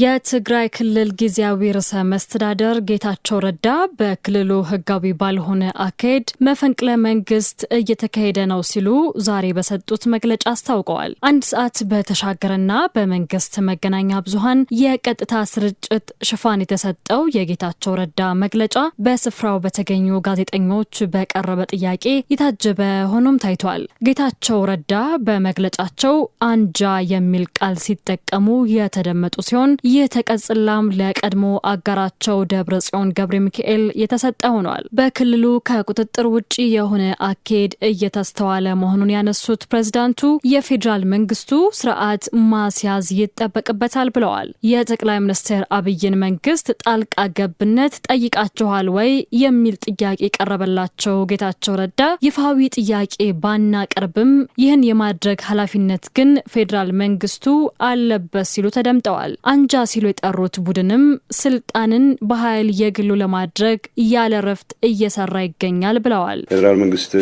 የትግራይ ክልል ጊዜያዊ ርዕሰ መስተዳደር ጌታቸው ረዳ በክልሉ ሕጋዊ ባልሆነ አካሄድ መፈንቅለ መንግስት እየተካሄደ ነው ሲሉ ዛሬ በሰጡት መግለጫ አስታውቀዋል። አንድ ሰዓት በተሻገረና በመንግስት መገናኛ ብዙኃን የቀጥታ ስርጭት ሽፋን የተሰጠው የጌታቸው ረዳ መግለጫ በስፍራው በተገኙ ጋዜጠኞች በቀረበ ጥያቄ የታጀበ ሆኖም ታይቷል። ጌታቸው ረዳ በመግለጫቸው አንጃ የሚል ቃል ሲጠቀሙ የተደመጡ ሲሆን ይህ ተቀጽላም ለቀድሞ አጋራቸው ደብረ ጽዮን ገብረ ሚካኤል የተሰጠ ሆኗል። በክልሉ ከቁጥጥር ውጭ የሆነ አካሄድ እየተስተዋለ መሆኑን ያነሱት ፕሬዝዳንቱ የፌዴራል መንግስቱ ስርዓት ማስያዝ ይጠበቅበታል ብለዋል። የጠቅላይ ሚኒስትር አብይን መንግስት ጣልቃ ገብነት ጠይቃችኋል ወይ የሚል ጥያቄ ቀረበላቸው። ጌታቸው ረዳ ይፋዊ ጥያቄ ባናቀርብም ይህን የማድረግ ኃላፊነት ግን ፌዴራል መንግስቱ አለበት ሲሉ ተደምጠዋል። አንጃ ሲሉ የጠሩት ቡድንም ስልጣንን በኃይል የግሉ ለማድረግ ያለ ረፍት እየሰራ ይገኛል ብለዋል። ፌዴራል መንግስት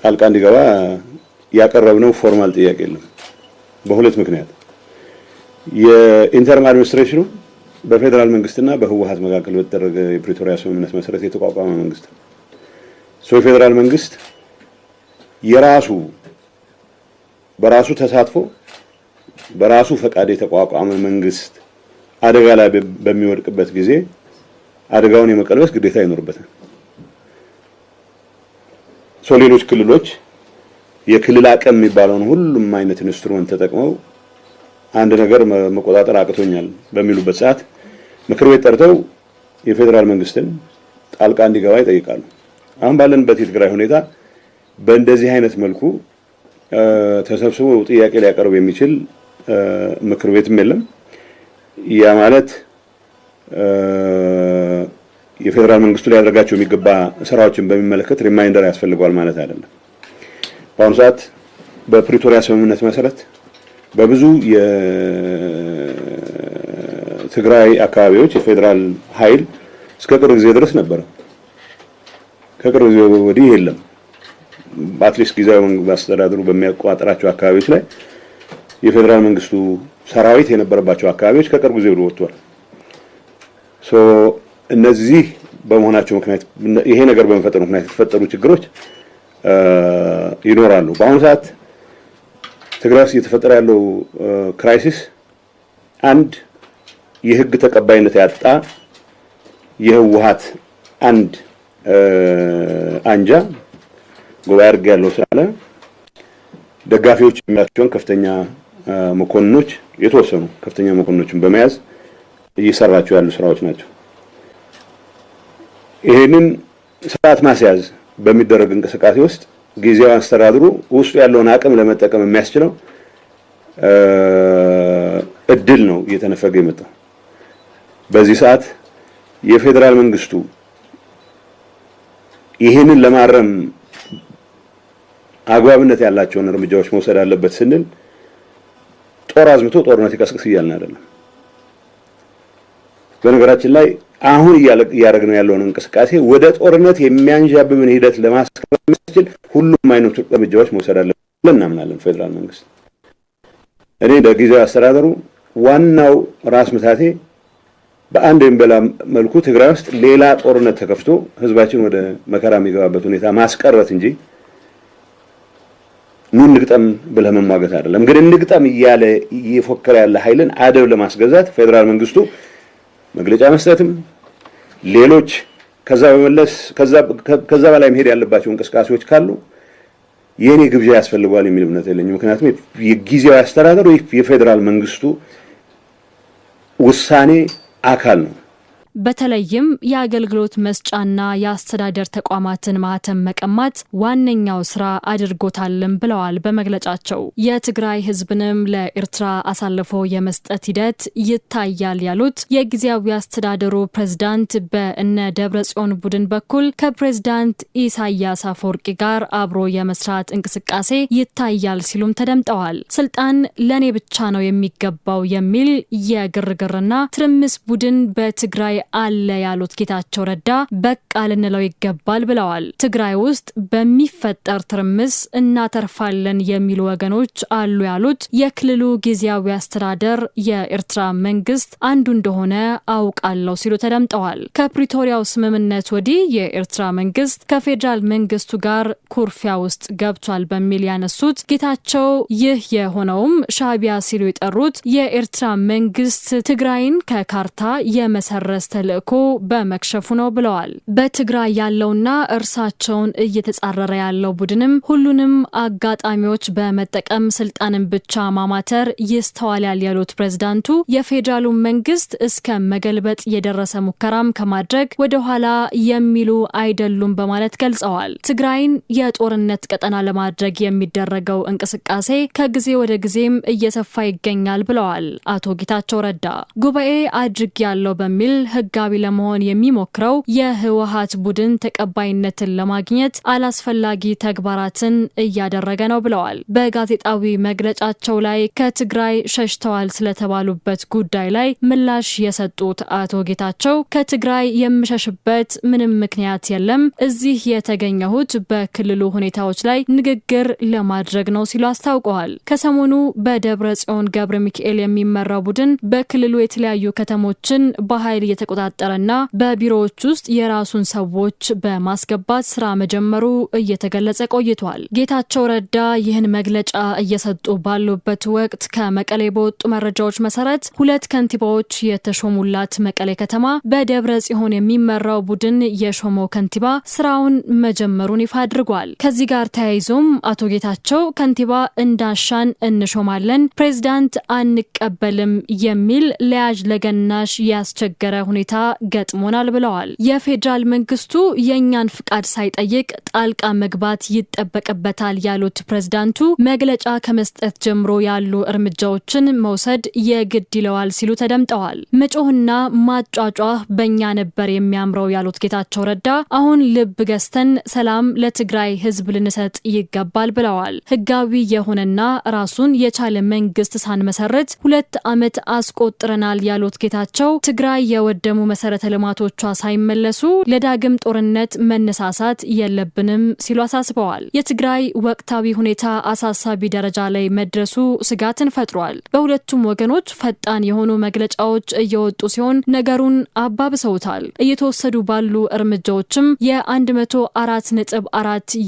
ጣልቃ እንዲገባ ያቀረብነው ፎርማል ጥያቄ የለም። በሁለት ምክንያት የኢንተርም አድሚኒስትሬሽኑ በፌዴራል መንግስትና በህወሀት መካከል በተደረገ የፕሪቶሪያ ስምምነት መሰረት የተቋቋመ መንግስት ነው። ሶ የፌዴራል መንግስት የራሱ በራሱ ተሳትፎ በራሱ ፈቃድ የተቋቋመ መንግስት አደጋ ላይ በሚወድቅበት ጊዜ አደጋውን የመቀልበስ ግዴታ ይኖርበታል። ሰው ሌሎች ክልሎች የክልል አቅም የሚባለውን ሁሉም አይነት ኢንስትሩመንት ተጠቅመው አንድ ነገር መቆጣጠር አቅቶኛል በሚሉበት ሰዓት ምክር ቤት ጠርተው የፌዴራል መንግስትን ጣልቃ እንዲገባ ይጠይቃሉ። አሁን ባለንበት የትግራይ ሁኔታ በእንደዚህ አይነት መልኩ ተሰብስቦ ጥያቄ ሊያቀርብ የሚችል ምክር ቤትም የለም። ያ ማለት የፌዴራል መንግስቱ ሊያደርጋቸው የሚገባ ስራዎችን በሚመለከት ሪማይንደር ያስፈልገዋል ማለት አይደለም። በአሁኑ ሰዓት በፕሪቶሪያ ስምምነት መሰረት በብዙ የትግራይ አካባቢዎች የፌዴራል ኃይል እስከ ቅርብ ጊዜ ድረስ ነበረ። ከቅርብ ጊዜ ወዲህ የለም። አትሊስት ጊዜያዊ መንግስት አስተዳደሩ በሚያቋጥራቸው አካባቢዎች ላይ የፌዴራል መንግስቱ ሰራዊት የነበረባቸው አካባቢዎች ከቅርብ ጊዜ ብሎ ወጥቷል። እነዚህ በመሆናቸው ምክንያት ይሄ ነገር በመፈጠሩ ምክንያት የተፈጠሩ ችግሮች ይኖራሉ። በአሁኑ ሰዓት ትግራይ ውስጥ እየተፈጠረ ያለው ክራይሲስ አንድ የህግ ተቀባይነት ያጣ የህወሀት አንድ አንጃ ጉባኤ ያለው ስላለ ደጋፊዎች የሚላቸውን ከፍተኛ መኮንኖች የተወሰኑ ከፍተኛ መኮንኖችን በመያዝ እየሰራቸው ያሉ ስራዎች ናቸው። ይህንን ስርዓት ማስያዝ በሚደረግ እንቅስቃሴ ውስጥ ጊዜያዊ አስተዳድሩ ውስጡ ያለውን አቅም ለመጠቀም የሚያስችለው እድል ነው እየተነፈገ የመጣው። በዚህ ሰዓት የፌዴራል መንግስቱ ይህንን ለማረም አግባብነት ያላቸውን እርምጃዎች መውሰድ አለበት ስንል ጦር አዝምቶ ጦርነት ይቀስቅስ እያልን አይደለም። በነገራችን ላይ አሁን እያደረግነው ያለውን እንቅስቃሴ ወደ ጦርነት የሚያንዣብብን ሂደት ለማስቀረት የሚያስችል ሁሉም አይነቱ እርምጃዎች መውሰድ አለብን ብለን እናምናለን። ፌዴራል መንግስት እኔ ለጊዜያዊ አስተዳደሩ ዋናው ራስ ምታቴ በአንድ የሚበላ መልኩ ትግራይ ውስጥ ሌላ ጦርነት ተከፍቶ ህዝባችን ወደ መከራ የሚገባበት ሁኔታ ማስቀረት እንጂ ኑ እንግጠም ብለህ መሟገት አይደለም። ግን እንግጠም እያለ እየፎከረ ያለ ኃይልን አደብ ለማስገዛት ፌዴራል መንግስቱ መግለጫ መስጠትም ሌሎች ከዛ በመለስ ከዛ በላይ መሄድ ያለባቸው እንቅስቃሴዎች ካሉ የእኔ ግብዣ ያስፈልገዋል የሚል እምነት የለኝም። ምክንያቱም የጊዜያዊ አስተዳደር የፌዴራል መንግስቱ ውሳኔ አካል ነው። በተለይም የአገልግሎት መስጫና የአስተዳደር ተቋማትን ማህተም መቀማት ዋነኛው ስራ አድርጎታልም ብለዋል በመግለጫቸው። የትግራይ ህዝብንም ለኤርትራ አሳልፎ የመስጠት ሂደት ይታያል ያሉት የጊዜያዊ አስተዳደሩ ፕሬዝዳንት በእነ ደብረ ጽዮን ቡድን በኩል ከፕሬዝዳንት ኢሳያስ አፈወርቂ ጋር አብሮ የመስራት እንቅስቃሴ ይታያል ሲሉም ተደምጠዋል። ስልጣን ለእኔ ብቻ ነው የሚገባው የሚል የግርግርና ትርምስ ቡድን በትግራይ አለ ያሉት ጌታቸው ረዳ በቃ ልንለው ይገባል ብለዋል። ትግራይ ውስጥ በሚፈጠር ትርምስ እናተርፋለን የሚሉ ወገኖች አሉ ያሉት የክልሉ ጊዜያዊ አስተዳደር የኤርትራ መንግስት አንዱ እንደሆነ አውቃለሁ ሲሉ ተደምጠዋል። ከፕሪቶሪያው ስምምነት ወዲህ የኤርትራ መንግስት ከፌዴራል መንግስቱ ጋር ኩርፊያ ውስጥ ገብቷል በሚል ያነሱት ጌታቸው ይህ የሆነውም ሻቢያ ሲሉ የጠሩት የኤርትራ መንግስት ትግራይን ከካርታ የመሰረስ ተልዕኮ በመክሸፉ ነው ብለዋል። በትግራይ ያለውና እርሳቸውን እየተጻረረ ያለው ቡድንም ሁሉንም አጋጣሚዎች በመጠቀም ስልጣንን ብቻ ማማተር ይስተዋላል ያሉት ፕሬዝዳንቱ የፌዴራሉ መንግስት እስከ መገልበጥ የደረሰ ሙከራም ከማድረግ ወደኋላ የሚሉ አይደሉም በማለት ገልጸዋል። ትግራይን የጦርነት ቀጠና ለማድረግ የሚደረገው እንቅስቃሴ ከጊዜ ወደ ጊዜም እየሰፋ ይገኛል ብለዋል አቶ ጌታቸው ረዳ። ጉባኤ አድርግ ያለው በሚል ተመጋቢ ለመሆን የሚሞክረው የህወሀት ቡድን ተቀባይነትን ለማግኘት አላስፈላጊ ተግባራትን እያደረገ ነው ብለዋል። በጋዜጣዊ መግለጫቸው ላይ ከትግራይ ሸሽተዋል ስለተባሉበት ጉዳይ ላይ ምላሽ የሰጡት አቶ ጌታቸው ከትግራይ የምሸሽበት ምንም ምክንያት የለም፣ እዚህ የተገኘሁት በክልሉ ሁኔታዎች ላይ ንግግር ለማድረግ ነው ሲሉ አስታውቀዋል። ከሰሞኑ በደብረ ጽዮን ገብረ ሚካኤል የሚመራው ቡድን በክልሉ የተለያዩ ከተሞችን በኃይል እየተቆ እንደተቆጣጠረና በቢሮዎች ውስጥ የራሱን ሰዎች በማስገባት ስራ መጀመሩ እየተገለጸ ቆይቷል። ጌታቸው ረዳ ይህን መግለጫ እየሰጡ ባሉበት ወቅት ከመቀሌ በወጡ መረጃዎች መሰረት ሁለት ከንቲባዎች የተሾሙላት መቀሌ ከተማ በደብረ ጽዮን የሚመራው ቡድን የሾመው ከንቲባ ስራውን መጀመሩን ይፋ አድርጓል። ከዚህ ጋር ተያይዞም አቶ ጌታቸው ከንቲባ እንዳሻን እንሾማለን፣ ፕሬዚዳንት አንቀበልም የሚል ለያዥ ለገናሽ ያስቸገረ ሁኔታ ሁኔታ ገጥሞናል ብለዋል። የፌዴራል መንግስቱ የእኛን ፍቃድ ሳይጠይቅ ጣልቃ መግባት ይጠበቅበታል ያሉት ፕሬዝዳንቱ መግለጫ ከመስጠት ጀምሮ ያሉ እርምጃዎችን መውሰድ የግድ ይለዋል ሲሉ ተደምጠዋል። መጮህና ማጫጫህ በእኛ ነበር የሚያምረው ያሉት ጌታቸው ረዳ አሁን ልብ ገዝተን ሰላም ለትግራይ ህዝብ ልንሰጥ ይገባል ብለዋል። ህጋዊ የሆነና ራሱን የቻለ መንግስት ሳንመሰረት ሁለት ዓመት አስቆጥረናል ያሉት ጌታቸው ትግራይ የወደ የቀደሙ መሰረተ ልማቶቿ ሳይመለሱ ለዳግም ጦርነት መነሳሳት የለብንም ሲሉ አሳስበዋል። የትግራይ ወቅታዊ ሁኔታ አሳሳቢ ደረጃ ላይ መድረሱ ስጋትን ፈጥሯል። በሁለቱም ወገኖች ፈጣን የሆኑ መግለጫዎች እየወጡ ሲሆን ነገሩን አባብሰውታል። እየተወሰዱ ባሉ እርምጃዎችም የ104 ነጥብ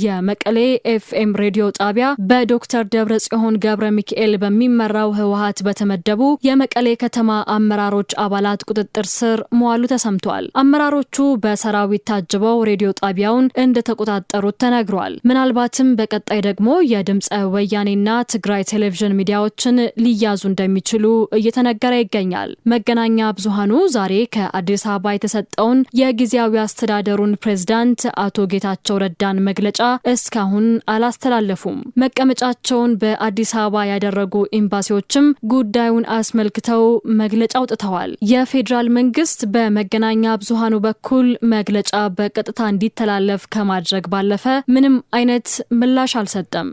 የመቀሌ ኤፍኤም ሬዲዮ ጣቢያ በዶክተር ደብረ ጽዮን ገብረ ሚካኤል በሚመራው ህወሀት በተመደቡ የመቀሌ ከተማ አመራሮች አባላት ቁጥጥር ስር መዋሉ ተሰምቷል። አመራሮቹ በሰራዊት ታጅበው ሬዲዮ ጣቢያውን እንደተቆጣጠሩት ተነግሯል። ምናልባትም በቀጣይ ደግሞ የድምፀ ወያኔና ትግራይ ቴሌቪዥን ሚዲያዎችን ሊያዙ እንደሚችሉ እየተነገረ ይገኛል። መገናኛ ብዙሃኑ ዛሬ ከአዲስ አበባ የተሰጠውን የጊዜያዊ አስተዳደሩን ፕሬዝዳንት አቶ ጌታቸው ረዳን መግለጫ እስካሁን አላስተላለፉም። መቀመጫቸውን በአዲስ አበባ ያደረጉ ኤምባሲዎችም ጉዳዩን አስመልክተው መግለጫ አውጥተዋል። የፌዴራል መንግስት መንግስት በመገናኛ ብዙሃኑ በኩል መግለጫ በቀጥታ እንዲተላለፍ ከማድረግ ባለፈ ምንም አይነት ምላሽ አልሰጠም።